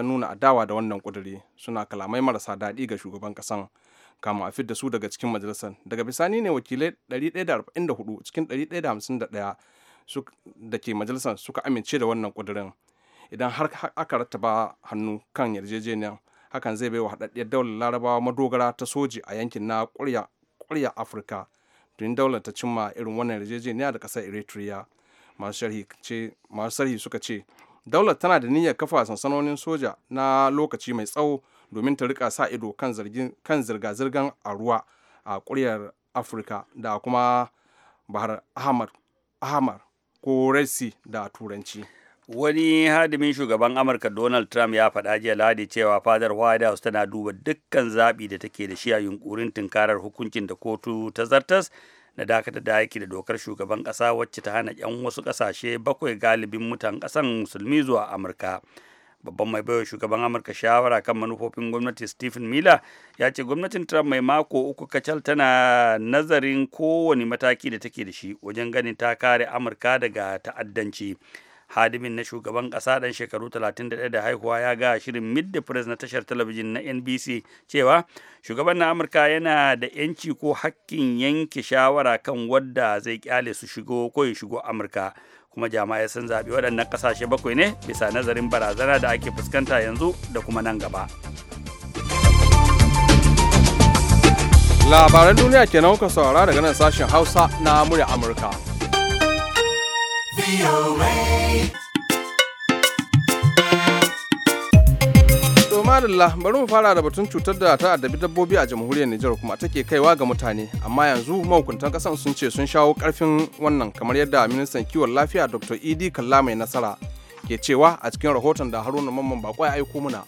wajen nuna adawa da wannan kuduri suna kalamai marasa daɗi ga shugaban kasan kama a fidda su daga cikin majalisar daga bisani ne wakilai 144 cikin 151 da ke majalisar suka amince da wannan kudurin idan har aka rattaba hannu kan yarjejeniyar hakan zai bai wa haɗaɗɗiyar daular larabawa madogara ta soji a yankin na ƙurya afirka tun daular ta cimma irin wannan yarjejeniya da ƙasar eritrea masu sharhi suka ce daular tana da niyyar kafa sansanonin soja na lokaci mai tsawo domin ta rika sa ido kan zirga zirgan a ruwa a kuryar afirka da kuma bahar ahmar ko resi da turanci wani hadimin shugaban amurka donald trump ya faɗa jiya lahadi cewa fadar white house tana duba dukkan zaɓi da take da shi a yunkurin tunkarar hukuncin da kotu ta zartas na dakatar da aiki da dokar shugaban ƙasa wacce ta hana 'yan wasu kasashe bakwai galibin mutan ƙasan musulmi zuwa amurka babban mai baiwa shugaban amurka shawara kan manufofin gwamnati stephen miller ya ce gwamnatin trump mai mako uku kacal tana nazarin kowane mataki da take da shi wajen ganin ta kare amurka daga ta'addanci hadimin na shugaban ƙasa ɗan shekaru 31 da haihuwa ya ga shirin mid the press na tashar talabijin na nbc cewa shugaban na amurka yana da yanci ko hakkin yanke shawara kan wadda zai kyale su shigo ko ya shigo amurka kuma jama'a sun zaɓi waɗannan ƙasashe bakwai ne bisa nazarin barazana da ake fuskanta yanzu da kuma nan gaba labaran duniya kenan kuka saurara daga nan sashen hausa na murya amurka madalla bari mu fara da batun cutar da ta addabi dabbobi a jamhuriyar Nijar kuma take kaiwa ga mutane amma yanzu mahukuntan kasan sun ce sun shawo karfin wannan kamar yadda ministan kiwon lafiya Dr. E.D. Kalla mai nasara ke cewa a cikin rahoton da Haruna Mamman Bako ya aiko muna.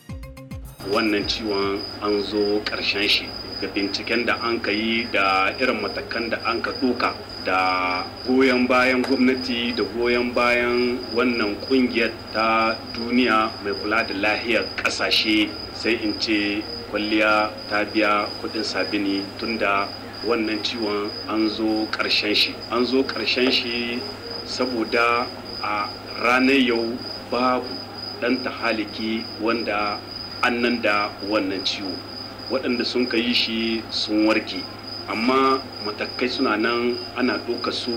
Wannan ciwon an zo karshen shi da binciken da an ka yi da irin matakan da an ka ɗoka da goyon bayan gwamnati da goyon bayan wannan kungiyar ta duniya mai kula da lahiyar ƙasashe sai in ce kwalliya ta biya kuɗin sabini da wannan ciwon an zo ƙarshen shi an zo ƙarshen shi saboda a ranar yau babu ɗan tahaliki wanda annan da wannan ciwo waɗanda sun ka yi shi sun warke amma matakai suna nan ana ɗauka su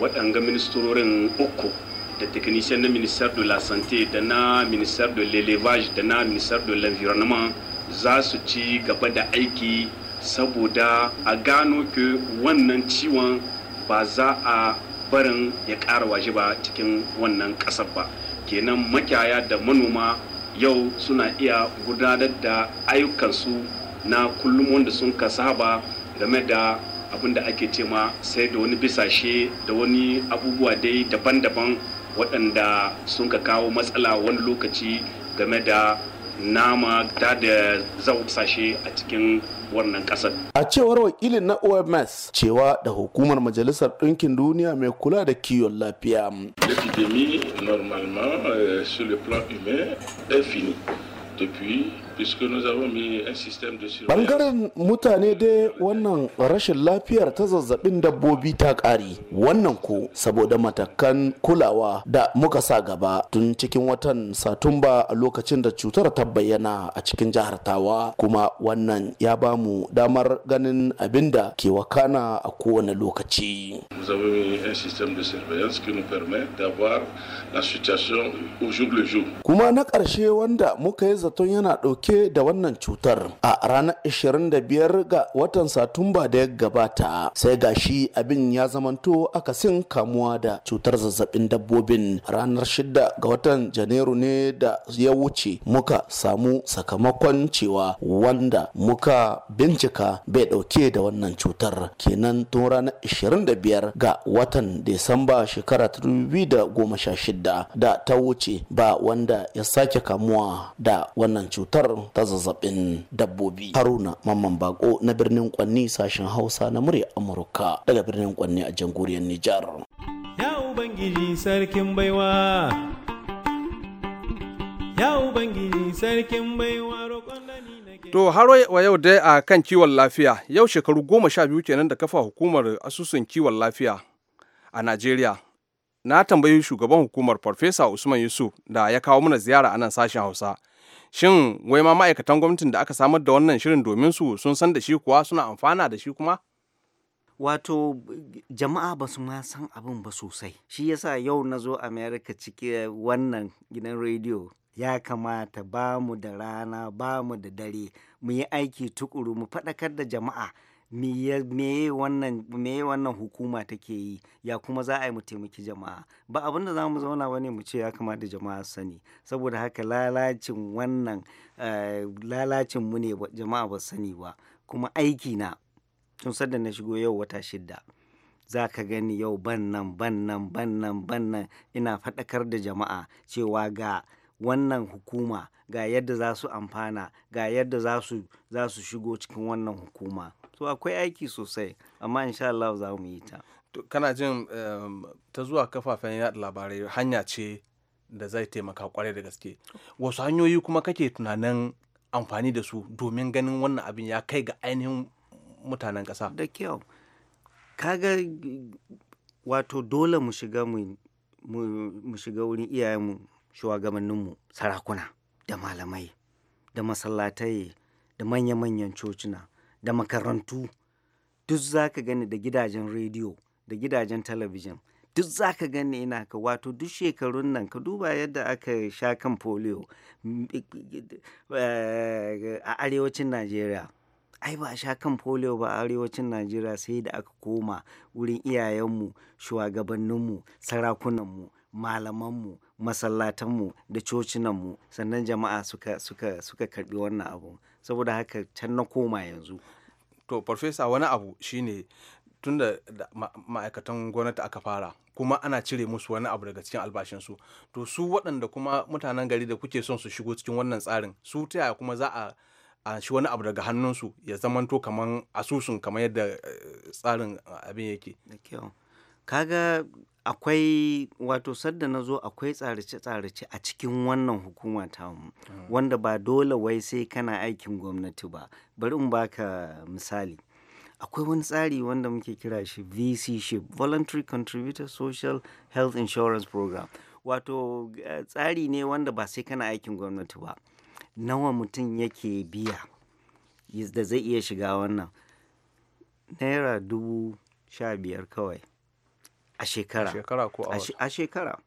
waɗanga ministrorin uku da technicien na ministère de la santé da na ministère de l'élevage da na ministère de l'environnement za su ci gaba da aiki saboda a gano ke wannan ciwon ba za a barin ya ƙara waje ba cikin wannan ƙasar ba kenan makiyaya da manoma yau suna iya gudanar da ayyukansu na kullum wanda sun ka saba game da abin da ake cema sai da wani bisashe da wani abubuwa dai daban-daban waɗanda sun ka kawo matsala wani lokaci game da nama ta da zaubsashe a cikin wannan kasar. A cewar wakilin na OMS cewa da hukumar Majalisar Ɗinkin Duniya mai kula da kiwon lafiya. L'épidémie normalement euh, sur le plan humain est finie. Bangaren mutane dai wannan rashin lafiyar ta zazzabin dabbobi ta ƙari wannan ko saboda matakan kulawa da muka sa gaba tun cikin watan satumba a lokacin da cutar ta bayyana a cikin jihar tawa kuma wannan ya ba mu damar ganin abin da ke wakana a kowane lokaci. Kuma na ƙarshe wanda muka yi zaton yana ɗauke da wannan cutar a ranar 25 ga watan satumba da ya gabata sai ga shi abin ya zamanto akasin kamuwa da cutar zazzabin dabbobin ranar 6 ga watan janairu ne da ya wuce muka samu sakamakon cewa wanda muka bincika bai ɗauke da wannan cutar kenan tun ranar 25 ga watan Desamba shekara 2016 da ta wuce ba wanda ya sake kamuwa da wannan cutar ta zazzabin dabbobi haruna mamman bako na birnin kwanni sashen hausa na murya amurka daga birnin kwanni a jamhuriyar nijar ya ubangiji sarkin baiwa ya ubangiji sarkin baiwa To har wa yau dai a kan kiwon lafiya yau shekaru goma sha biyu kenan da kafa hukumar asusun kiwon lafiya a Najeriya. Na tambayi shugaban hukumar Farfesa Usman Yusuf da ya kawo mana ziyara a nan sashen Hausa shin wai ma ma'aikatan gwamnatin da aka samar da wannan shirin domin su sun san da shi kuwa suna amfana da shi kuma wato jama'a ba su ma san abin ba sosai shi yasa yau na zo america ciki eh, wannan gidan rediyo ya kamata ba mu da rana ba mu da dare mu yi aiki tukuru mu faɗakar da jama'a Me wannan wannan hukuma take yi ya kuma za a yi mu taimaki jama'a ba abin da za mu zauna ne mu ce ya kamata jama'a sani saboda haka lalacin wannan eh, lalacin mu ne jama'a ba sani ba kuma aiki na tun sadda na shigo yau wata shidda za ka gani yau ban nan ban nan ban nan ban nan ina faɗakar da jama'a cewa ga wannan hukuma ga yadda za su amfana ga yadda za su shigo cikin wannan hukuma so akwai aiki sosai amma insha Allah za mu yi ta kana jin ehm, ta zuwa kafafen yaɗa labarai hanya ce da zai taimaka kwarai da gaske wasu hanyoyi kuma kake tunanin amfani da su domin ganin wannan abin ya kai ga ainihin mutanen ƙasa da kyau kaga wato dole mu shiga mu shiga wurin iyayenmu shugabanninmu sarakuna da malamai da masallatai da manya-manyan cocina da makarantu duk za ka gani da gidajen rediyo da gidajen talabijin duk za ka gani ina ka wato duk shekarun nan ka duba yadda aka sha kan polio eh, a arewacin najeriya ai ba a sha kan polio ba a arewacin najeriya sai da aka koma wurin iyayenmu shugabanninmu sarakunanmu malamanmu masallatanmu da cocinanmu sannan jama'a suka, karɓi karbi wannan abu saboda haka can na koma yanzu to farfesa wani abu shine tunda ma'aikatan gwamnati aka fara kuma ana cire musu wani abu daga cikin albashinsu to su waɗanda kuma mutanen gari da kuke son su shigo cikin wannan tsarin su ta yaya kuma za a a shi wani abu daga hannunsu ya zamanto kamar asusun kamar yadda eh, tsarin abin yake kaga akwai wato sadda na zo akwai tsarace-tsarace a cikin wannan hukuma tamu mm. wanda ba dole wai sai kana aikin gwamnati ba bari in baka misali akwai wani tsari wanda muke kira shi vc ship voluntary contributor social health insurance program wato eh, tsari ne wanda ba sai kana aikin gwamnati ba nawa mutum yake biya da zai iya shiga wannan naira dubu sha biyar kawai a shekara a shekara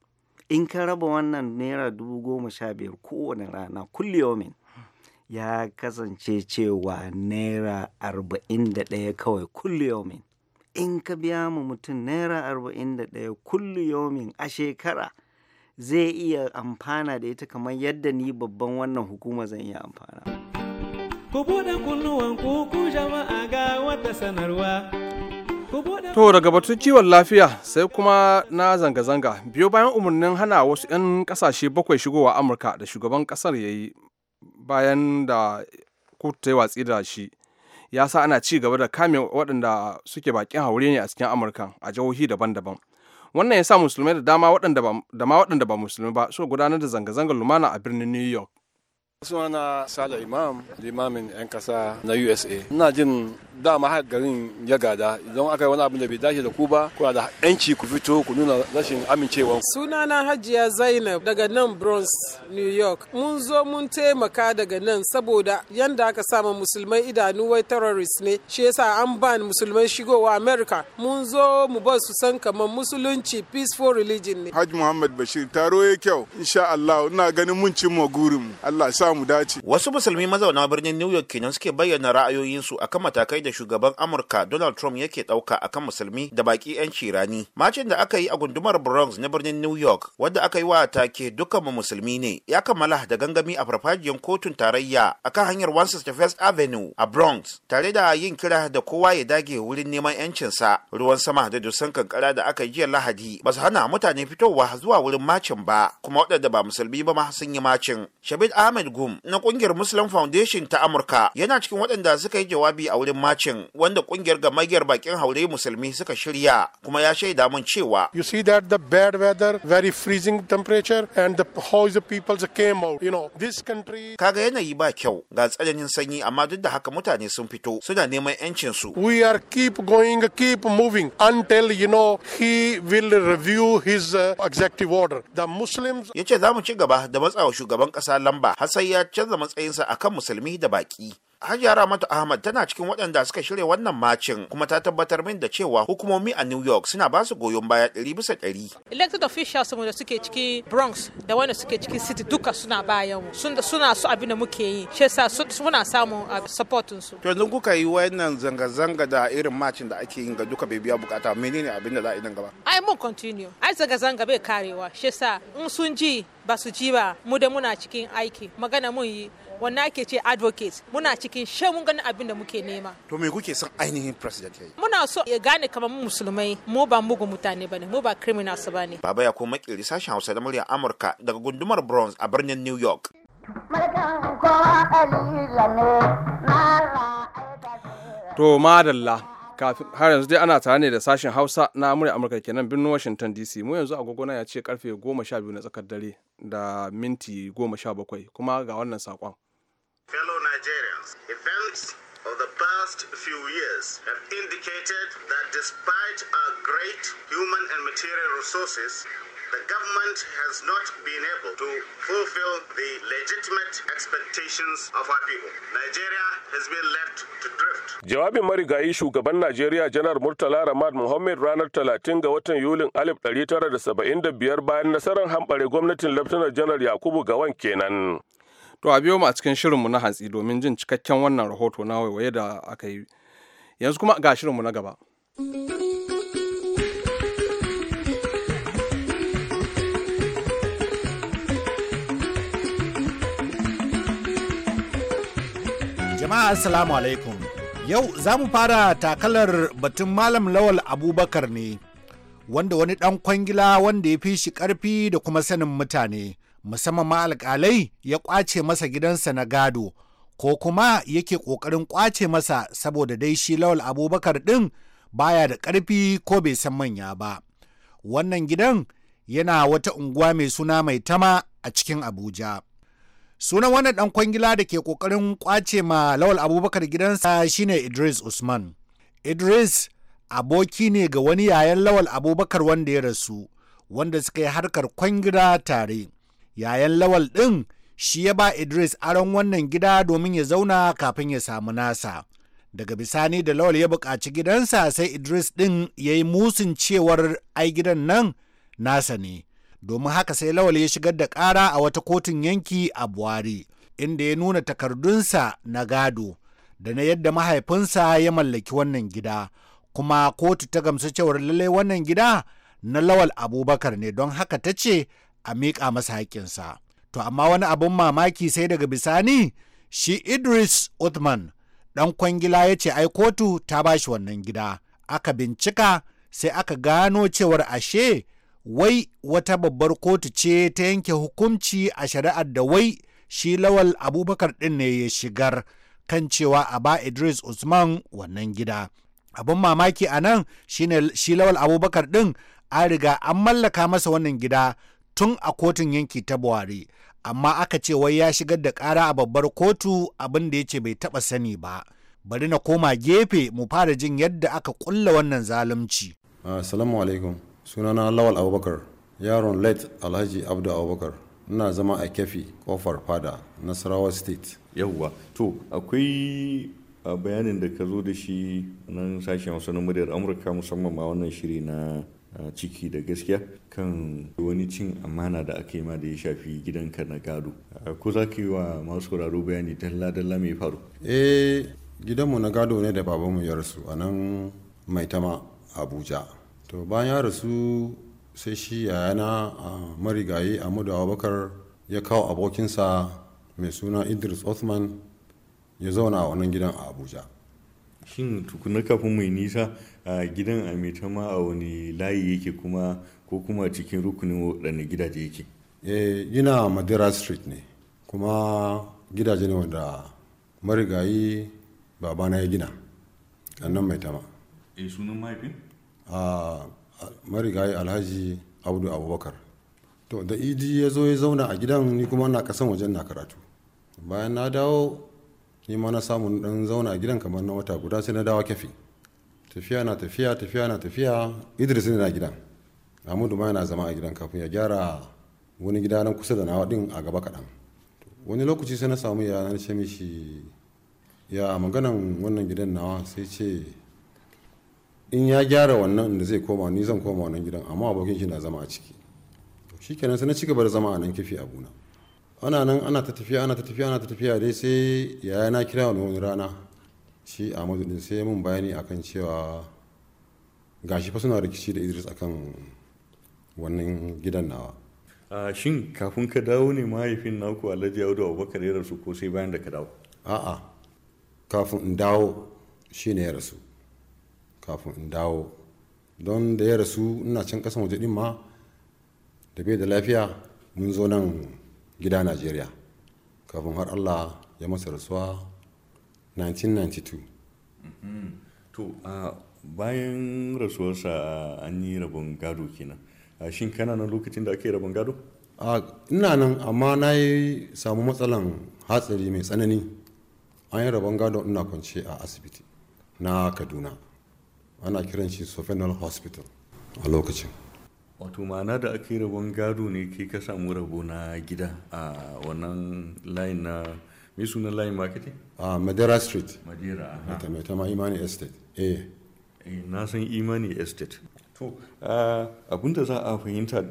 in ka raba wannan naira dubu goma sha biyar kowane rana kulliyomin ya kasance cewa naira arba'in da ɗaya kawai kulliyomin in ka biya mu mutum naira arba'in da ɗaya kulliyomin a shekara zai iya amfana da ita kamar yadda ni babban wannan hukuma zan iya amfana ku buɗe kunnuwan ku jama'a ga wata sanarwa To daga batun kiwon lafiya sai kuma na zanga-zanga biyo bayan umarnin hana wasu 'yan kasashe bakwai shigowa Amurka da shugaban kasar ya yi bayan da kotu ta yi watsi da shi ya sa ana ci gaba da kame waɗanda suke bakin haure ne a cikin Amurka a jihohi daban-daban. Wannan ya sa musulmai da dama waɗanda ba musulmi ba suka gudanar da zanga-zangar lumana a birnin New York. suna sala imam limamin 'yan kasa na usa ina jin dama haka garin ya gada idan aka yi wani abin da bai dace da ku ba kuna da yanci ku fito ku nuna rashin amincewa sunana hajiya zainab daga nan bronx new york mun zo mun taimaka daga nan saboda yanda aka sama musulmai idanu wai terrorist ne shi yasa an ban musulmai shigowa america mun zo mu ba su san kamar musulunci peaceful religion ne hajji muhammad bashir taro ya kyau insha allah ina ganin mun cimma gurin allah sa mu dace. Wasu musulmi mazauna birnin New York kenan suke bayyana ra'ayoyinsu akan matakai da shugaban Amurka Donald Trump yake ɗauka akan musulmi da baki 'yan cirani. Macin da aka yi a gundumar Bronx na birnin New York wadda aka yi wa take dukkan mu musulmi ne ya kammala da gangami a farfajiyar kotun tarayya akan hanyar 161st Avenue a Bronx tare da yin kira da kowa ya dage wurin neman 'yancinsa. Ruwan sama da dusan kankara da aka yi jiya Lahadi ba su hana mutane fitowa zuwa wurin macin ba kuma waɗanda ba musulmi ba ma sun yi macin. Shabir Ahmed Gum na kungiyar Muslim Foundation ta Amurka yana cikin waɗanda suka yi jawabi a wurin macin wanda kungiyar gamayyar bakin haure musulmi suka shirya kuma ya shaida mun cewa You see that the bad weather, very freezing temperature and the how the people came out, you know, this country Kaga yanayi ba kyau ga tsananin sanyi amma duk da haka mutane sun fito suna neman yancin su We are keep going keep moving until you know he will review his uh, executive order. The Muslims yace za mu ci gaba da matsawa shugaban kasa lamba har sai ya canza matsayinsa akan musulmi da baƙi Hajara Mata Ahmad tana cikin waɗanda suka shirya wannan macin kuma ta tabbatar min da cewa hukumomi a New York suna basu goyon baya ɗari bisa ɗari. Elected officials da suke ciki Bronx da wanda suke ciki city duka suna bayan mu suna su abin da muke yi shi yasa muna samun uh, supportin su. To yanzu kuka yi wannan zanga-zanga da irin macin da ake yin ga duka bai biya bukata menene abin da za a yi nan gaba? Ai mun continue ai zanga-zanga bai karewa shi yasa in sun ji ba su ji ba mu da muna cikin aiki magana mun yi wannan ake ce advocate muna cikin she mun gani abin da muke nema to me kuke son ainihin president yayi muna so ya gane kamar mu musulmai mu ba mugu mutane bane mu ba criminals bane baba ya ko makiri sashen Hausa da murya Amurka daga gundumar Bronx a birnin New York To madalla kafin har yanzu dai ana tare ne da sashen Hausa na murya Amurka kenan birnin Washington DC mu yanzu agogona ya ce karfe 12 na tsakar dare da minti 17 kuma ga wannan sakon. Fellow Nigerians, events of the past few years have indicated that despite our great human and material resources, the government has not been able to fulfill the legitimate expectations of our people. Nigeria has been left to drift. Jawabin marigayi shugaban Najeriya Janar Murtala Ramad Mohammed ranar 30 ga watan Yulin 1975 bayan nasarar hambare gwamnatin Laftanar Janar Yakubu Gawan kenan. To a biyo mu a cikin shirinmu na hantsi domin jin cikakken wannan rahoto na waiwaye da aka yi. Yanzu kuma ga shirinmu na gaba. Jama'a Assalamu alaikum. Yau za mu fara takalar batun Malam Lawal Abubakar ne, wanda wani ɗan kwangila wanda ya fi shi ƙarfi da kuma sanin mutane. musamman ma alkalai ya kwace masa gidansa na gado ko kuma yake ƙoƙarin kwace masa saboda dai shi lawal abubakar ɗin baya da ƙarfi ko bai san manya ba wannan gidan yana wata unguwa mai suna mai tama a cikin abuja sunan wannan ɗan kwangila da ke ƙoƙarin ƙwace ma lawal abubakar gidansa shine idris usman idris aboki ne ga wani yayan lawal abubakar wanda ya rasu wanda suka yi harkar kwangila tare yayan lawal ɗin shi ya ba Idris aron wannan gida domin ya zauna kafin ya samu nasa. Daga bisani da lawal ya buƙaci gidansa sai Idris ɗin ya yi musun cewar ai gidan nan nasa ne. Domin haka sai lawal ya shigar da ƙara a wata kotun yanki a Buhari, inda ya nuna takardunsa na gado da na yadda mahaifinsa ya mallaki wannan gida. Kuma kotu ta gamsu cewar lallai wannan gida na lawal abubakar ne don haka ta ce a miƙa masa haƙƙinsa. To amma wani abin mamaki sai daga bisani shi Idris Uthman ɗan kwangila ya ce ai kotu ta ba shi wannan gida. Aka bincika sai aka gano cewar ashe wai wata babbar kotu ce ta yanke hukunci a shari'ar da wai shi lawal abubakar ɗin ne ya shigar kan cewa a ba Idris Usman wannan gida. Abin mamaki a nan shi lawal abubakar ɗin an riga an mallaka masa wannan gida tun a kotun yanki ta buhari amma aka ce wai ya shigar da kara a babbar kotu abin da ya ce bai taba sani ba bari na koma gefe mu fara jin yadda aka ƙulla wannan zalunci. assalamu ah, alaikum sunana lawal abubakar yaron late alhaji abdu abubakar ina zama a kefi kofar fada nasarawa state yawwa to akwai ah, bayanin da ka zo da shi nan sashen wasu na muryar amurka musamman ma wannan shiri na ciki da gaskiya kan wani cin amana da aka yi ma da ya shafi gidan ka na gado ko za ka yi wa masu sauraro bayani dalla-dalla mai faru eh gidanmu na gado ne da mu ya rasu a nan tama abuja to bayan ya rasu sai shi yayana a marigayi a amadu abubakar ya kawo abokinsa mai suna idris othman ya zauna a wannan gidan a abuja shin tukuna kafin mai nisa a gidan a a wani layi yake kuma ko kuma cikin rukunin waɗanne gidaje yake eh yana madera street ne kuma gidaje ne wanda marigayi babana ya gina nan mai tama e eh, sunan mahaifin a marigayi alhaji abdu abubakar to da idi ya zo ya zauna a gidan ni kuma na kasan wajen na karatu bayan na dawo ni ma na samu dan zauna a gidan kamar na wata guda sai na dawo kefi tafiya na tafiya tafiya na tafiya idris ne na gidan amudu ma yana zama a gidan kafin ya gyara wani gida nan kusa da nawa din a gaba kaɗan wani lokaci sai na samu ya na ce mishi ya maganan wannan gidan nawa sai ce in ya gyara wannan da zai koma ni zan koma wannan gidan amma abokin shi na zama a ciki shikenan sai na ci gaba da zama a nan a abuna ana nan ana ta tafiya ana ta tafiya ana ta tafiya dai sai yaya na kira wani rana shi ahmadu mazudin sai mun bayani akan cewa gashi fa suna rikici da idris akan wannan gidan nawa a shin kafin ka dawo ne mahaifin naku alhaji da abubakar ya rasu ko sai bayan da ka dawo a'a kafin in dawo shi ne ya rasu kafin in dawo don da ya rasu ina can kasan waje din ma da bai da lafiya mun zo nan gida najeriya kafin har allah ya masa rasuwa 1992 mm-hmm. to bayan rasuwarsa an yi rabon gado kenan shin kana nan lokacin da ake rabon gado ina nan amma na yi samu matsalan hatsari mai tsanani an yi rabon gado ina kwance a asibiti na kaduna ana kiran shi sofenal hospital a lokacin wato ma'ana da aka yi rabon gado ne ke ka samu rabo na gida a wannan layin na mai sunan layin marketing a madera street madera ta mai imani estate eh na san imani estate to abinda za a fahimta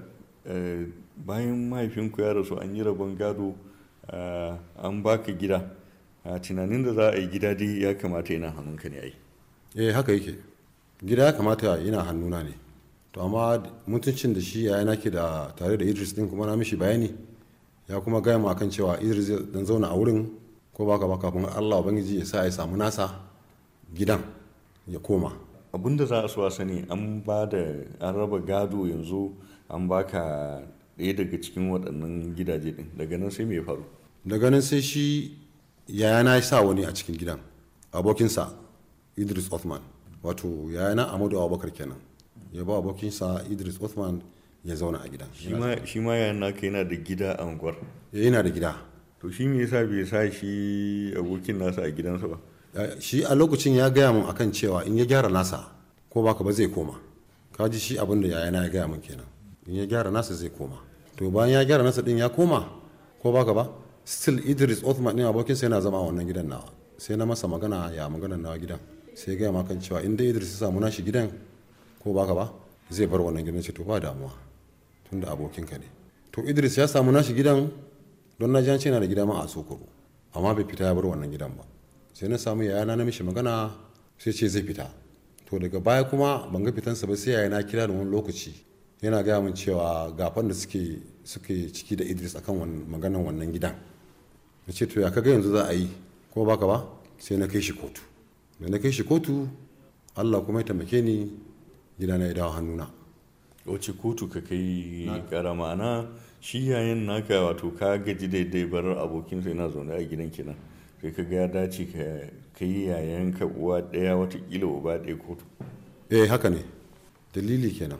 eh, bayan mahaifinku ya rasu an yi rabon gado an baka gida a tunanin da za a yi gida dai ya kamata yana hannunka ne yi. eh haka yake gida ya kamata yana hannuna ne to amma mutuncin da shi yayana ke da tare da idris din kuma na mishi bayani ya kuma gaya mu akan cewa idris dan zauna a wurin ko baka ba kafin allah ubangiji ya sa ya samu nasa gidan ya koma abin da za a so a sani an ba da an raba gado yanzu an baka ɗaya daga cikin waɗannan gidaje din daga nan sai mai faru daga nan sai shi yaya na sa wani a cikin gidan abokinsa idris othman wato na amadu abubakar kenan ya ba abokinsa idris othman ya zauna a gidan shi ma yana naka yana da gida a unguwar eh, yana da gida to shi me yasa bai sa shi abokin nasa a gidansa ba shi a lokacin ya gaya mun akan cewa in ya gyara nasa ko baka ba zai koma ka ji shi abin da yayana ya gaya mun kenan in ya gyara nasa zai koma to bayan ya gyara nasa din ya koma ko baka ba still idris othman abokin abokinsa yana zama a wannan gidan nawa sai na masa magana ya magana nawa gidan sai gaya makan cewa in dai idris ya samu nashi gidan ko baka ba zai bar wannan gidan ce to ba damuwa tunda abokinka ne to idris ya samu nashi gidan don na ce yana da gida ma a sokoro amma bai fita ya bar wannan gidan ba sai na samu yaya na mishi magana sai ce zai fita to daga baya kuma ban ga fitansa ba sai yaya na kira da wani lokaci yana gaya min cewa gafan da suke suke ciki da idris akan maganan wannan gidan na ce to ya kaga yanzu za a yi kuma baka ba sai na kai shi kotu da na kai shi kotu allah kuma ya taimake ni gidana ya dawo hannuna wace kotu ka kai karama na shi yayin naka wato ka gaji daidai barar abokin sai na zaune a gidan kenan sai ka ga dace ka kai yayan ka uwa daya kila uba daya kotu eh haka ne dalili kenan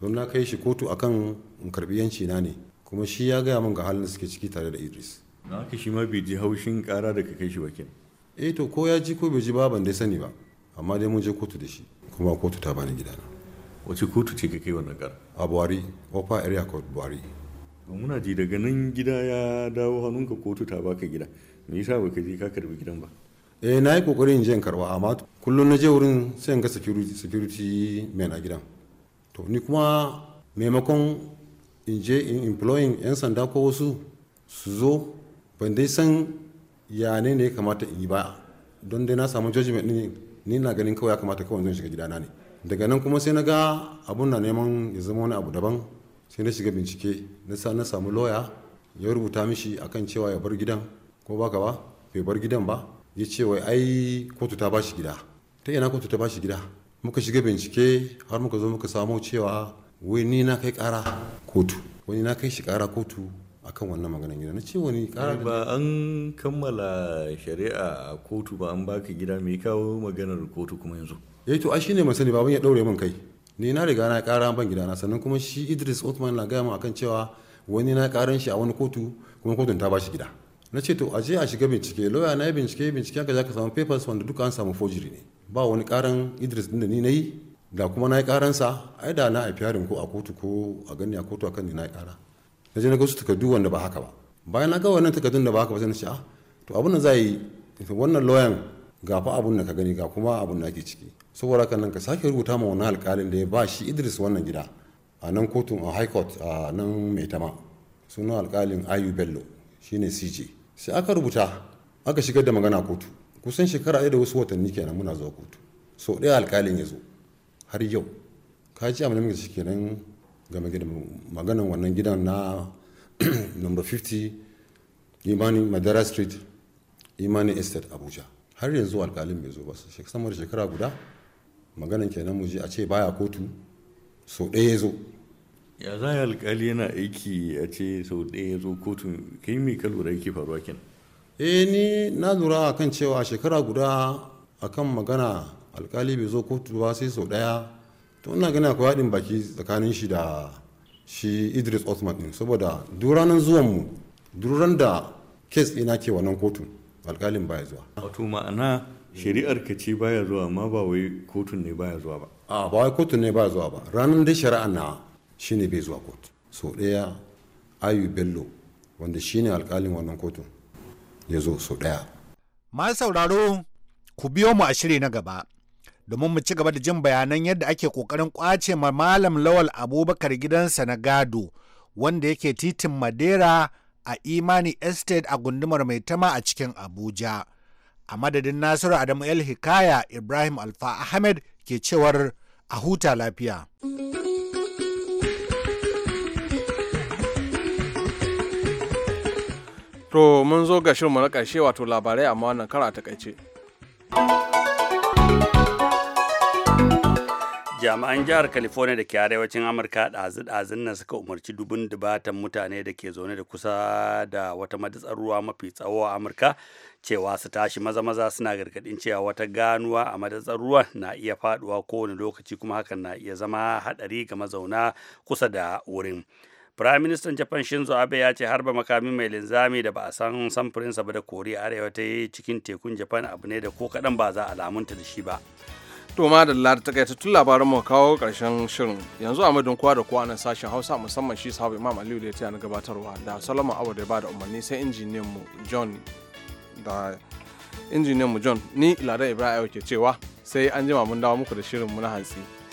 don na kai shi kotu akan in karbi yanci na ne kuma shi ya gaya min ga halin suke ciki tare da Idris na ka shi ma bai ji haushin kara da ka kai shi wakil eh to ko ya ji ko bai ji ba ban dai sani ba amma dai mun je kotu da shi kuma kotu ta bani gida na. wace kotu ce kake wannan kar a buhari ofa area court buhari muna ji daga nan gida ya dawo hannunka kotu ta baka gida me yasa baka je ka karbi gidan ba eh na yi kokarin je karba amma kullum na je wurin sai ga security security men a gidan to ni kuma maimakon in je in employing yan sanda ko wasu su zo ban dai san ya ne ne kamata in yi ba don dai na samu judgment ne ni na ganin kawai ya kamata kawai zan shiga gidana ne daga nan kuma sai na ga abun na neman ya zama wani abu daban sai na shiga bincike na sa na samu lawyer ya rubuta mishi akan cewa ya bar gidan ko baka ba bai bar gidan ba ya ce wai ai kotu ta bashi gida ta ina kotu ta bashi gida muka shiga bincike har muka zo muka samo cewa wai ni na kai kara kotu wani na kai shi kara kotu a kan wannan maganar gida na ce wani kara ba an kammala shari'a a kotu ba an baka gida mai kawo maganar kotu kuma yanzu yi eh to shi ne mun sani baban ya daure min kai ni na riga na ƙara ban gida na sannan kuma shi Idris Othman na gaya min akan cewa wani na ƙaran shi a wani kotu kuma kotun ta bashi gida na ce to aje a shiga bincike lawyer na bincike bincike ka ka samu papers wanda duka an samu forgery ne ba wani ƙaran Idris din da ni nayi da kuma na yi karansa ai da na haifi yarin ko a kotu ko a gani a kotu akan ni na yi kara na je na ga su takardu wanda ba haka ba bayan na ga wannan takardun da ba haka ba sai na ce ah to abin da za yi wannan lawyer ga fa abun da ka gani ga kuma abun da ake ciki saboda haka nan ka sake rubuta ma wani alƙalin da ya ba shi Idris wannan gida a nan kotun a high court a nan mai tama sunan alƙalin Ayu Bello shine CJ sai aka rubuta aka shigar da magana kotu kusan shekara ɗaya da wasu watanni kenan muna zuwa kotu so ɗaya alƙalin ya zo har yau ka ji amma shi kenan game da maganan wannan gidan na number 50 imani madara street imani estate abuja har yanzu alkalin bai zo ba sama da shekara guda maganan kenan mu je a ce baya kotu sau ɗaya ya zo ya za ya alkali yana aiki a ce sau ɗaya ya zo kotu kai mai ka lura yake faruwa kin eh ni na lura akan cewa shekara guda akan magana alkali bai zo kotu ba sai sau ɗaya to ina gani akwai haɗin baki tsakanin shi da shi idris osman din saboda duk ranar zuwan mu duran da kes ina ke wannan kotun alkalin baya zuwa wato ma'ana shari'ar ka ce baya zuwa amma ba wai kotun ne baya zuwa ba a ba wai kotun ne baya zuwa ba ranar da shari'a na shine bai zuwa kotu so ɗaya ayu bello wanda shine alkalin wannan kotun ya zo so ɗaya Ma sauraro ku biyo mu a shiri na gaba domin mu ci gaba da jin bayanan yadda ake kokarin kwace ma malam lawal abubakar gidansa na gado wanda yake titin madera a imani estate a gundumar mai tama a cikin abuja a madadin nasiru adamu el hikaya ibrahim alfa ahmed ke cewar a huta lafiya. To mun zo ga na ƙarshe wato labarai amma wannan kara a takaice. jami'an jihar california da ke arewacin amurka ɗazu-ɗazun nan suka umarci dubun dubatan mutane da ke zaune da kusa da wata madatsar ruwa mafi tsawo a amurka cewa su tashi maza-maza suna gargaɗin cewa wata ganuwa a madatsar ruwa na iya faɗuwa kowane lokaci kuma hakan na iya zama haɗari ga mazauna kusa da wurin minister Japan Shinzo Abe ya ce harba makami mai linzami da ba a san samfurinsa ba da Koriya Arewa ta yi cikin tekun Japan abu ne da ko kaɗan ba za a lamunta da shi ba. To ma da lalata tun labaran mu kawo karshen shirin yanzu a madun kowa da kowa nan sashen Hausa musamman shi sahabu Imam Aliyu da ya taya na gabatarwa da salama Abu da ya ba da umarni sai injiniyan mu John da injiniyan mu John ni Ladan Ibrahim ke cewa sai an jima mun dawo muku da shirin mu na hantsi.